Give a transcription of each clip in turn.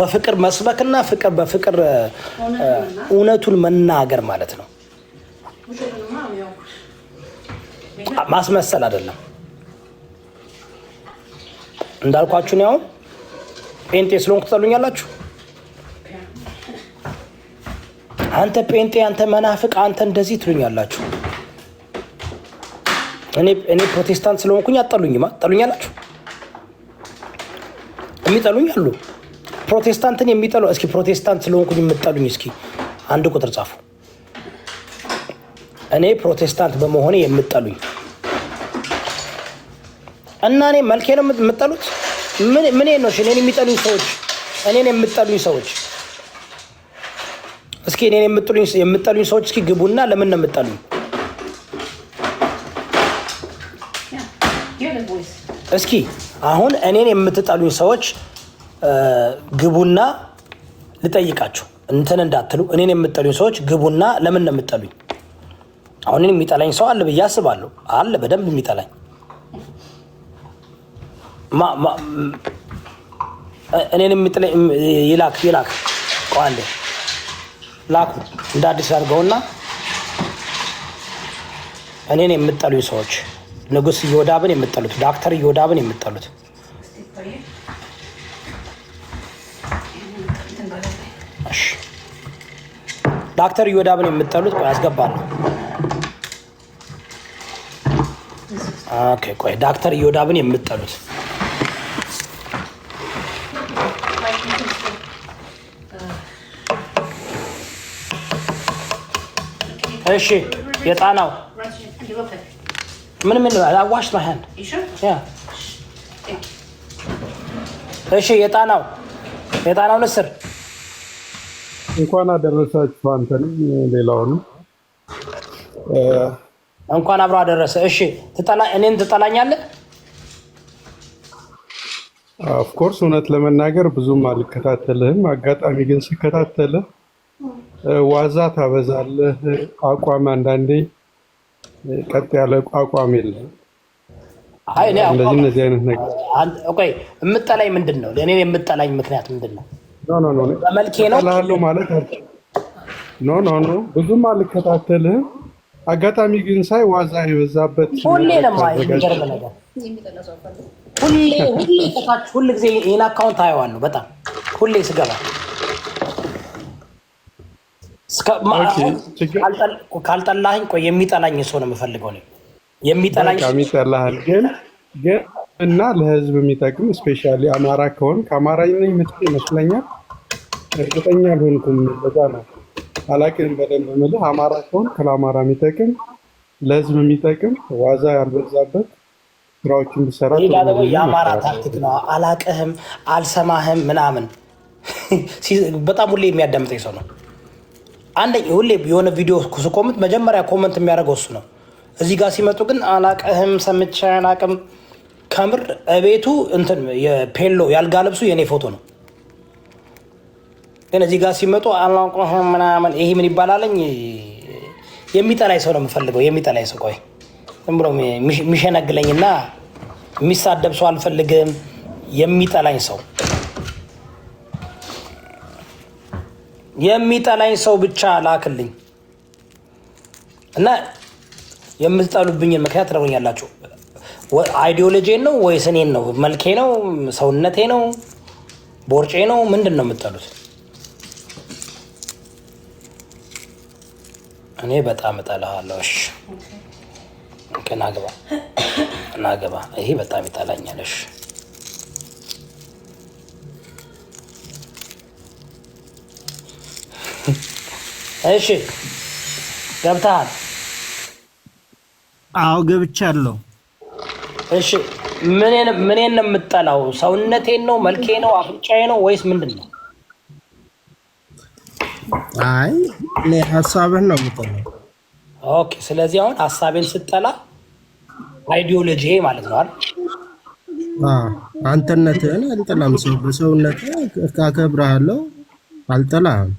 በፍቅር መስበክና ፍቅር በፍቅር እውነቱን መናገር ማለት ነው። ማስመሰል አይደለም። እንዳልኳችሁ ነው። አሁን ጴንጤ ስለሆንኩ ትጠሉኛላችሁ። አንተ ጴንጤ፣ አንተ መናፍቅ፣ አንተ እንደዚህ ትሉኛላችሁ። እኔ ፕሮቴስታንት ስለሆንኩኝ አጠሉኝማ። አላችሁ። የሚጠሉኝ አሉ። ፕሮቴስታንትን የሚጠሉ እስኪ ፕሮቴስታንት ስለሆንኩኝ የምጠሉኝ እስኪ አንድ ቁጥር ጻፉ። እኔ ፕሮቴስታንት በመሆኔ የምጠሉኝ እና እኔ መልኬ ነው የምጠሉት። ምን ነው እኔን የሚጠሉኝ ሰዎች? እኔን የምጠሉኝ ሰዎች እስኪ እኔን የምጠሉኝ ሰዎች እስኪ ግቡና ለምን ነው የምጠሉኝ? እስኪ አሁን እኔን የምትጠሉኝ ሰዎች ግቡና ልጠይቃችሁ እንትን እንዳትሉ። እኔን የምጠሉኝ ሰዎች ግቡና ለምን ነው የምጠሉኝ? አሁን እኔን የሚጠላኝ ሰው አለ ብዬ አስባለሁ። አለ በደንብ የሚጠላኝ እኔን የሚጥለኝ ይላክ ይላክ ቋንዴ ላኩ እንደ አዲስ አድርገውና እኔን የምጠሉኝ ሰዎች ንጉስ እዮዳብን የምጠሉት፣ ዳክተር እዮዳብን የምጠሉት ዳክተር እዮዳብን የምጠሉት ቆይ አስገባለሁ። ኦኬ ቆይ ዳክተር እዮዳብን የምጠሉት እሺ የጣናው ምንም ዋሽድ ማይ ሃንድ እሺ። የጣናው የጣናው ንስር እንኳን አደረሳችሁ። አንተንም ሌላውንም እንኳን አብሮ አደረሰ። እሺ፣ እኔን ትጠላኛለህ? ኦፍኮርስ እውነት ለመናገር ብዙም አልከታተልህም። አጋጣሚ ግን ስከታተልህ ዋዛ ታበዛለህ። አቋም አንዳንዴ ቀጥ ያለ አቋም የለም። አይነት ነገር የምጠላኝ ምንድን ነው? እኔ የምጠላኝ ምክንያት ምንድን ነው? መልኬ ነው ማለት ኖ ኖ ኖ ብዙም አልከታተልህም። አጋጣሚ ግን ሳይ ዋዛ የበዛበት ሁሌ ለማይገርም ነገር ሁሌ ሁሌ ሁል ጊዜ ይህን አካውንት አየዋለሁ። በጣም ሁሌ ስገባ ካልጠላኝ ቆይ የሚጠላኝ ሰው ነው የምፈልገው። የሚጠላኝ ግን ግን እና ለህዝብ የሚጠቅም ስፔሻሊ አማራ ከሆን ከአማራ የምት ይመስለኛል፣ እርግጠኛ አልሆንኩም። በዛ ነው አላቅን በደንብ ምልህ አማራ ከሆን ከለአማራ የሚጠቅም ለህዝብ የሚጠቅም ዋዛ ያልበዛበት ስራዎችን ብሰራ የአማራ ታክቲክ ነው። አላቅህም፣ አልሰማህም ምናምን በጣም ሁሌ የሚያዳምጠኝ ሰው ነው። አንደኛ ሁሌ የሆነ ቪዲዮ ስኮመንት መጀመሪያ ኮመንት የሚያደርገው እሱ ነው። እዚህ ጋር ሲመጡ ግን አላቅህም ሰምቼ አላቅም። ከምር እቤቱ እንትን የፔሎ ያልጋ ልብሱ የእኔ ፎቶ ነው። ግን እዚህ ጋር ሲመጡ አላውቅህም ምናምን ይሄ ምን ይባላለኝ። የሚጠላኝ ሰው ነው የምፈልገው። የሚጠላኝ ሰው ቆይ ዝም ብሎ የሚሸነግለኝና የሚሳደብ ሰው አልፈልግም። የሚጠላኝ ሰው የሚጠላኝ ሰው ብቻ ላክልኝ እና የምትጠሉብኝን ምክንያት ትነግሩኛላችሁ። አይዲዮሎጂን ነው ወይስ እኔን ነው? መልኬ ነው? ሰውነቴ ነው? ቦርጬ ነው? ምንድን ነው የምትጠሉት? እኔ በጣም እጠላሃለሁ። እሺ ናግባ ናግባ፣ ይሄ በጣም ይጠላኛል። እሺ እሺ ገብተሃል? አዎ ገብቻለሁ። እሺ ምኔን ነው የምጠላው? ሰውነቴን ነው? መልኬ ነው? አፍንጫዬ ነው? ወይስ ምንድን ነው? አይ እኔ ሀሳብህን ነው የምጠላው። ኦኬ ስለዚህ አሁን ሀሳቤን ስጠላ አይዲዮሎጂ ማለት ነው አይደል? አንተነትህን አልጠላም። ሰው በሰውነት አከብርሃለሁ፣ አልጠላህም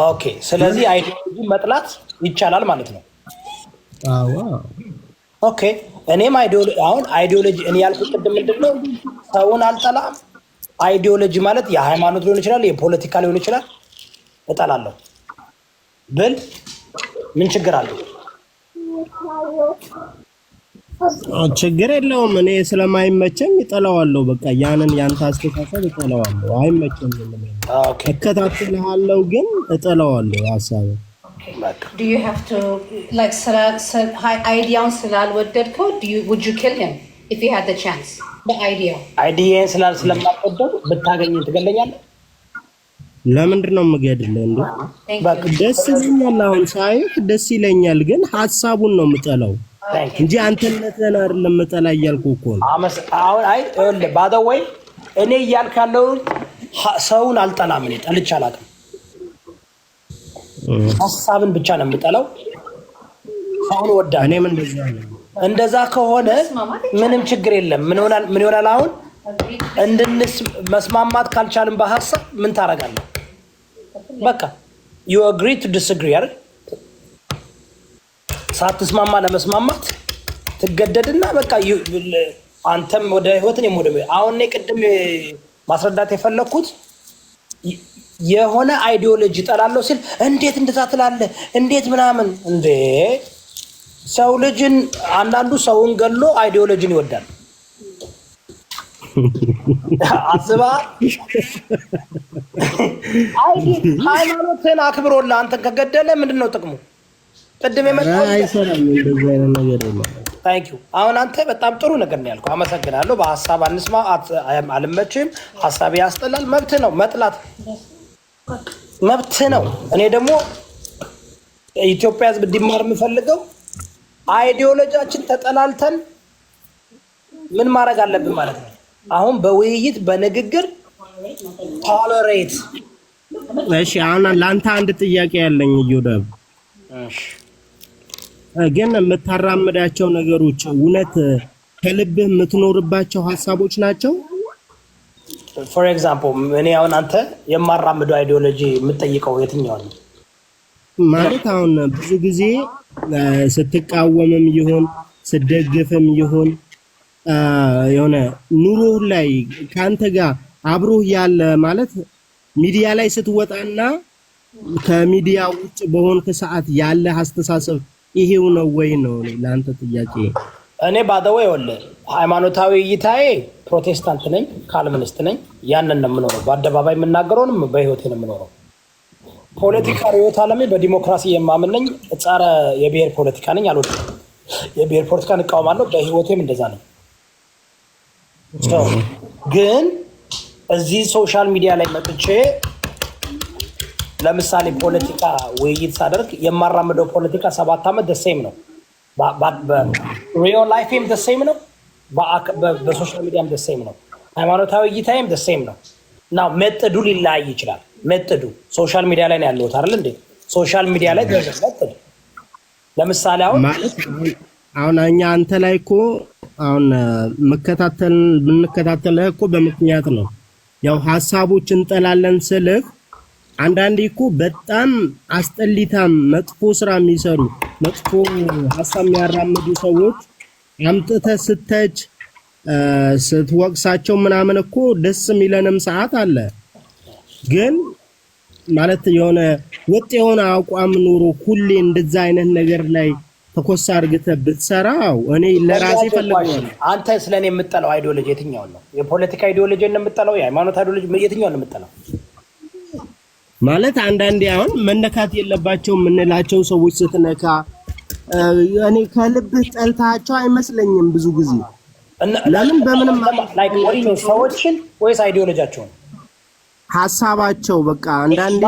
ኦኬ። ስለዚህ አይዲዮሎጂ መጥላት ይቻላል ማለት ነው። ኦኬ። እኔም አሁን አይዲዮሎጂ እኔ ያልኩት ቅድም ምንድን ነው ሰውን አልጠላም። አይዲዮሎጂ ማለት የሃይማኖት ሊሆን ይችላል፣ የፖለቲካ ሊሆን ይችላል። እጠላለሁ ብል ምን ችግር አለው? ችግር የለውም። እኔ ስለማይመቸኝ ይጠላዋለሁ። በቃ ያንን ያንተ አስተሳሰብ ይጠላዋለሁ፣ አይመቸኝ። እከታተልሃለሁ ግን እጠላዋለሁ ሀሳብ አይዲያውን ስላልወደድከው ስላል ስለማልወደድ ብታገኝ ትገለኛለህ። ለምንድን ነው የምገድልህ? እንደ ደስ ይለኛል አሁን ሳይህ ደስ ይለኛል፣ ግን ሀሳቡን ነው የምጠላው እንጂ አንተነትህን አይደለም መጠላ እያልኩ እኮ ነው። አሁን አይ ይኸውልህ ባደው ወይ እኔ እያልክ ያለው ሰውን አልጠላም። እኔ ጠልቼ አላውቅም። ሀሳብን ብቻ ነው የምጠላው። ሰውን እወዳለሁ። እኔም እንደዛ እንደዛ ከሆነ ምንም ችግር የለም። ምን ይሆናል? ምን ይሆናል? አሁን እንድንስ መስማማት ካልቻልን በሀሳብ ምን ታደርጋለህ? በቃ you agree to disagree አይደል? ሳትስማማ ለመስማማት ትገደድና በቃ አንተም ወደ ህይወት እኔም ወደ አሁን እኔ ቅድም ማስረዳት የፈለግኩት የሆነ አይዲዮሎጂ ጠላለው ሲል እንዴት እንደዛ ትላለህ? እንዴት ምናምን እንዴ ሰው ልጅን አንዳንዱ ሰውን ገሎ አይዲዮሎጂን ይወዳል። አስባ ሃይማኖትን አክብሮላ አንተን ከገደለ ምንድን ነው ጥቅሙ? ቅድም አሁን አንተ በጣም ጥሩ ነገር ነው ያልኩ፣ አመሰግናለሁ። በሀሳብ አንስማ አልመችም፣ ሀሳብ ያስጠላል። መብት ነው መጥላት፣ መብት ነው። እኔ ደግሞ ኢትዮጵያ ሕዝብ እንዲማር የምፈልገው አይዲዮሎጂያችን ተጠላልተን ምን ማድረግ አለብን ማለት ነው። አሁን በውይይት በንግግር ቶለሬት። እሺ አሁን ለአንተ አንድ ጥያቄ ያለኝ እዮዳብ ግን የምታራምዳቸው ነገሮች እውነት ከልብህ የምትኖርባቸው ሀሳቦች ናቸው። ፎር ኤግዛምፕል እኔ አሁን አንተ የማራምደው አይዲዮሎጂ የምጠይቀው የትኛው ነው ማለት አሁን ብዙ ጊዜ ስትቃወምም ይሁን ስደግፍም ይሁን የሆነ ኑሮህ ላይ ከአንተ ጋር አብሮህ ያለ ማለት ሚዲያ ላይ ስትወጣና ከሚዲያ ውጭ በሆንክ ሰዓት ያለ አስተሳሰብ ይሄው ነው ወይ ነው ለአንተ ጥያቄ። እኔ ባደወ ወለ ሃይማኖታዊ እይታዬ ፕሮቴስታንት ነኝ፣ ካልቪኒስት ነኝ። ያንን ነው የምኖረው። በአደባባይ የምናገረውንም በህይወቴ ነው የምኖረው። ፖለቲካ ህይወት ዓለሜ በዲሞክራሲ የማምን ነኝ። ጸረ የብሔር ፖለቲካ ነኝ፣ አልወድም። የብሔር ፖለቲካን እቃወማለሁ። በህይወቴም እንደዛ ነው። ግን እዚህ ሶሻል ሚዲያ ላይ መጥቼ ለምሳሌ ፖለቲካ ውይይት ሳደርግ የማራምደው ፖለቲካ ሰባት ዓመት ደሴም ነው። ሪዮ ላይፍም ደሴም ነው። በሶሻል ሚዲያም ደሴም ነው። ሃይማኖታዊ እይታይም ደሴም ነው። እና መጥዱ ሊለያይ ይችላል። መጥዱ ሶሻል ሚዲያ ላይ ነው ያለሁት አይደል እንዴ? ሶሻል ሚዲያ ላይ መጥዱ ለምሳሌ አሁን አሁን እኛ አንተ ላይ እኮ አሁን መከታተል ብንከታተልህ እኮ በምክንያት ነው ያው ሀሳቦች እንጠላለን ስልህ አንዳንዴ እኮ በጣም አስጠሊታም መጥፎ ስራ የሚሰሩ መጥፎ ሀሳብ የሚያራምዱ ሰዎች አምጥተ ስተች ስትወቅሳቸው ምናምን እኮ ደስ የሚለንም ሰዓት አለ። ግን ማለት የሆነ ወጥ የሆነ አቋም ኑሮ ሁሌ እንደዛ አይነት ነገር ላይ ተኮሳ አድርገህ ብትሰራው እኔ ለራሴ ፈልገዋለሁ። አንተ ስለኔ የምጠላው አይዲዮሎጂ የትኛውን ነው? የፖለቲካ አይዲዮሎጂ ነው የምጠላው? የሃይማኖት አይዲዮሎጂ የትኛውን ነው የምጠላው? ማለት አንዳንዴ አሁን መነካት የለባቸው የምንላቸው ሰዎች ስትነካ እኔ ከልብህ ጠልታቸው አይመስለኝም። ብዙ ጊዜ ለምን በምንም ሰዎችን ወይስ አይዲዮሎጂያቸውን ሀሳባቸው በቃ አንዳንዴ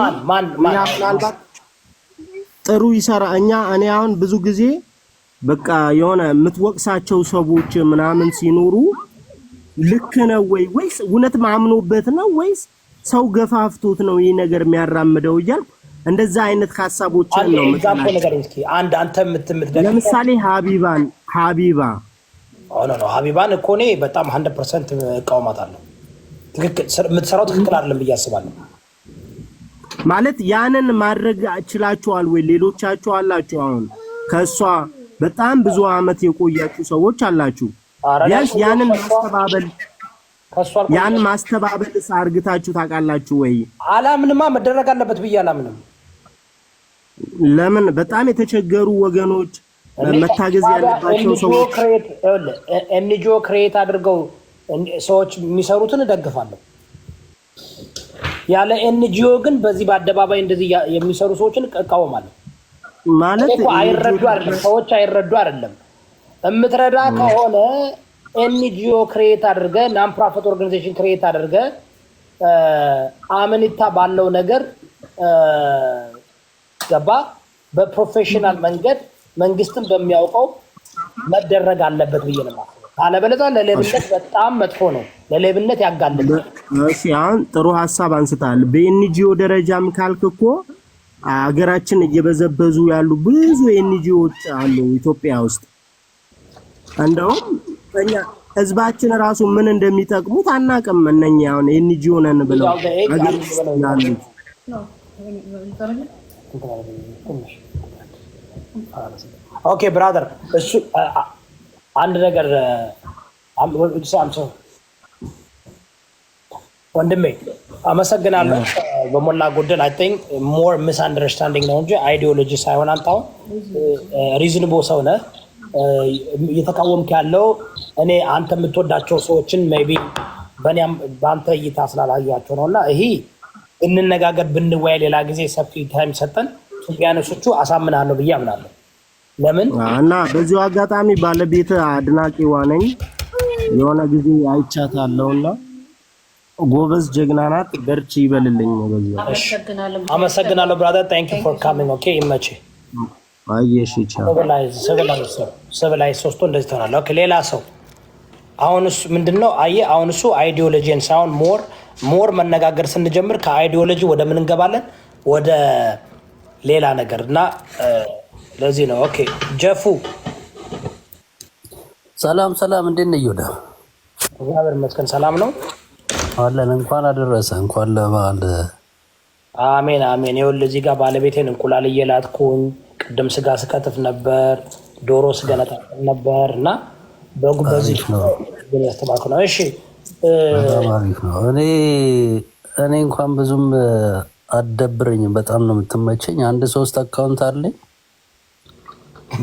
ጥሩ ይሰራ እኛ እኔ አሁን ብዙ ጊዜ በቃ የሆነ የምትወቅሳቸው ሰዎች ምናምን ሲኖሩ ልክ ነው ወይ ወይስ እውነት ማምኖበት ነው ወይስ ሰው ገፋፍቶት ነው ይህ ነገር የሚያራምደው እያልኩ እንደዛ አይነት ሀሳቦችን ነው። ለምሳሌ ሀቢባን ሀቢባ ሀቢባን እኮ እኔ በጣም ሀንድረድ ፐርሰንት እቃውማታለሁ። የምትሰራው ትክክል አይደለም ብዬ አስባለሁ። ማለት ያንን ማድረግ ችላችኋል ወይ? ሌሎቻችሁ አላችሁ። አሁን ከእሷ በጣም ብዙ አመት የቆያችሁ ሰዎች አላችሁ። ያንን ማስተባበል ያን ማስተባበል አርግታችሁ ታውቃላችሁ ወይ? አላምንማ መደረግ አለበት ብዬ አላምንም። ለምን በጣም የተቸገሩ ወገኖች መታገዝ ያለባቸው ሰዎች ኤንጂኦ ክሬት አድርገው ሰዎች የሚሰሩትን እደግፋለሁ። ያለ ኤንጂኦ ግን በዚህ በአደባባይ እንደዚህ የሚሰሩ ሰዎችን እቃወማለሁ። ማለት አይረዱ አይደለም፣ ሰዎች አይረዱ አይደለም። እምትረዳ ከሆነ ኤንጂኦ ክሬት አድርገ ናን ፕራፈት ኦርጋኒዜሽን ክሬት አድርገ አመኒታ ባለው ነገር ገባ በፕሮፌሽናል መንገድ መንግስትን በሚያውቀው መደረግ አለበት ብዬ ነው የማስበው። አለበለዚያ ለሌብነት በጣም መጥፎ ነው፣ ለሌብነት ያጋልጣል። አሁን ጥሩ ሀሳብ አንስታል። በኤንጂኦ ደረጃም ካልክ እኮ አገራችን እየበዘበዙ ያሉ ብዙ ኤንጂኦዎች አሉ ኢትዮጵያ ውስጥ እንደውም እኛ ህዝባችን ራሱ ምን እንደሚጠቅሙት አናውቅም። እነኛ አሁን ኤንጂኦ ሆነን ብለው አገር ያሉት ኦኬ ብራደር፣ እሱ አንድ ነገር ወንድሜ አመሰግናለሁ። በሞላ ጎደል አይ ቲንክ ሞር ሚስ አንደርስታንዲንግ ነው እንጂ አይዲዮሎጂ ሳይሆን አንተ አሁን ሪዝንቦ ሰው ነህ። እየተቃወምክ ያለው እኔ አንተ የምትወዳቸው ሰዎችን ሜይ ቢ በአንተ እይታ ስላላያቸው ነው። እና ይሄ እንነጋገር ብንወያይ ሌላ ጊዜ ሰፊ ታይም ሰጠን ሱልጣኖሶቹ አሳምናለሁ ብዬ አምናለሁ። ለምን እና በዚሁ አጋጣሚ ባለቤት አድናቂ ዋነኝ የሆነ ጊዜ አይቻታለሁ እና ጎበዝ ጀግና ናት። በርቺ ይበልልኝ። አመሰግናለሁ ብራዘር። ታንክ ዩ ፎር ካሚንግ ኦኬ። ይመችህ። አየሽ ይቻላል ሰብ ላይ ሶስቶ እንደዚህ ትሆናለህ። ሌላ ሰው አሁን እሱ ምንድን ነው አየህ፣ አሁን እሱ አይዲዮሎጂን ሳይሆን ሞር ሞር መነጋገር ስንጀምር ከአይዲዮሎጂ ወደ ምን እንገባለን? ወደ ሌላ ነገር እና ለዚህ ነው ኦኬ። ጀፉ ሰላም ሰላም፣ እንዴት ነህ ይሁዳ? እግዚአብሔር ይመስገን ሰላም ነው አለን። እንኳን አደረሰ እንኳን ለበዓል አሜን አሜን። ይኸውልህ እዚህ ጋር ባለቤቴን እንቁላል እየላጥኩኝ ቅድም ስጋ ስከትፍ ነበር ዶሮ ስገለጣ ነበር እና እኔ እንኳን ብዙም አትደብረኝም። በጣም ነው የምትመቸኝ። አንድ ሶስት አካውንት አለኝ።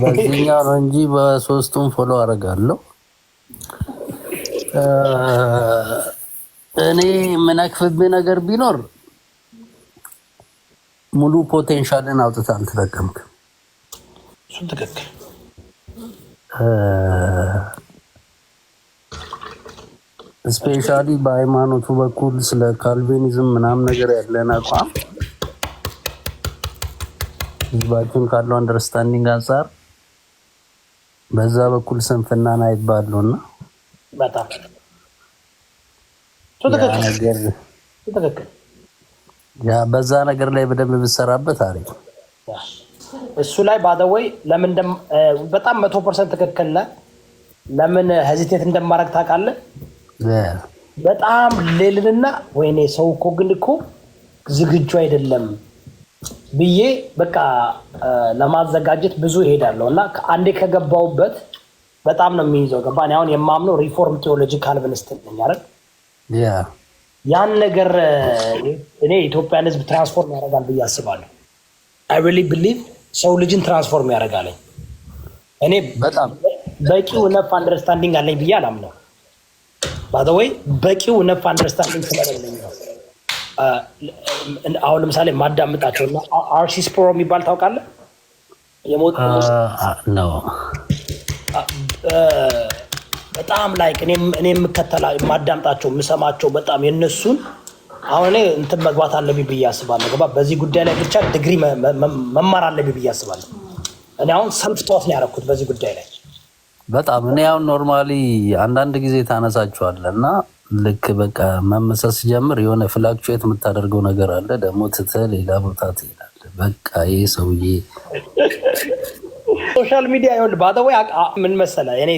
በዚህኛው ነው እንጂ በሶስቱም ፎሎ አደርጋለሁ። እኔ የምነክፍብህ ነገር ቢኖር ሙሉ ፖቴንሻልን አውጥተህ አልተጠቀምክም። እሱን ትክክል ስፔሻሊ በሃይማኖቱ በኩል ስለ ካልቪኒዝም ምናምን ነገር ያለን አቋም ህዝባችን ካለው አንደርስታንዲንግ አንጻር በዛ በኩል ስንፍናን አይባሉ እና ያ በዛ ነገር ላይ በደንብ ብሰራበት አሪፍ እሱ ላይ ባደወይ ለምን በጣም መቶ ፐርሰንት ትክክል ነህ። ለምን ሄዚቴት እንደማድረግ ታውቃለህ። በጣም ሌልንና ወይኔ ሰው እኮ ግን እኮ ዝግጁ አይደለም ብዬ በቃ ለማዘጋጀት ብዙ እሄዳለሁ እና አንዴ ከገባውበት በጣም ነው የሚይዘው። ገባ አሁን የማምነው ሪፎርም ቴዎሎጂ ካልቪኒስት ነኝ ያን ነገር እኔ ኢትዮጵያን ሕዝብ ትራንስፎርም ያደርጋል ብዬ አስባለሁ። አይ ሪሊ ቢሊቭ ሰው ልጅን ትራንስፎርም ያደርጋለኝ። እኔ በጣም በቂው ነፍ አንደርስታንዲንግ አለኝ ብዬ አላምነው። ባዘወይ በቂው ነፍ አንደርስታንዲንግ ስለሌለኝ ነው። አሁን ለምሳሌ ማዳምጣቸው አርሲስ ፕሮ የሚባል ታውቃለህ? የሞት ነው በጣም ላይክ እኔ የምከተላ የማዳምጣቸው የምሰማቸው በጣም የነሱን አሁን እኔ እንትን መግባት አለብኝ ብዬ አስባለሁ። ገባ በዚህ ጉዳይ ላይ ብቻ ዲግሪ መማር አለብኝ ብዬ አስባለሁ። እኔ አሁን ሰልፍ ቶት ነው ያደረኩት በዚህ ጉዳይ ላይ በጣም እኔ አሁን ኖርማሊ አንዳንድ ጊዜ ታነሳችኋለ እና ልክ በቃ መመሰስ ሲጀምር የሆነ ፍላክቹዌት የምታደርገው ነገር አለ። ደግሞ ትተህ ሌላ ቦታ ትሄዳለህ። በቃ ይህ ሰውዬ ሶሻል ሚዲያ ይሆን ባይ ምን መሰለህ እኔ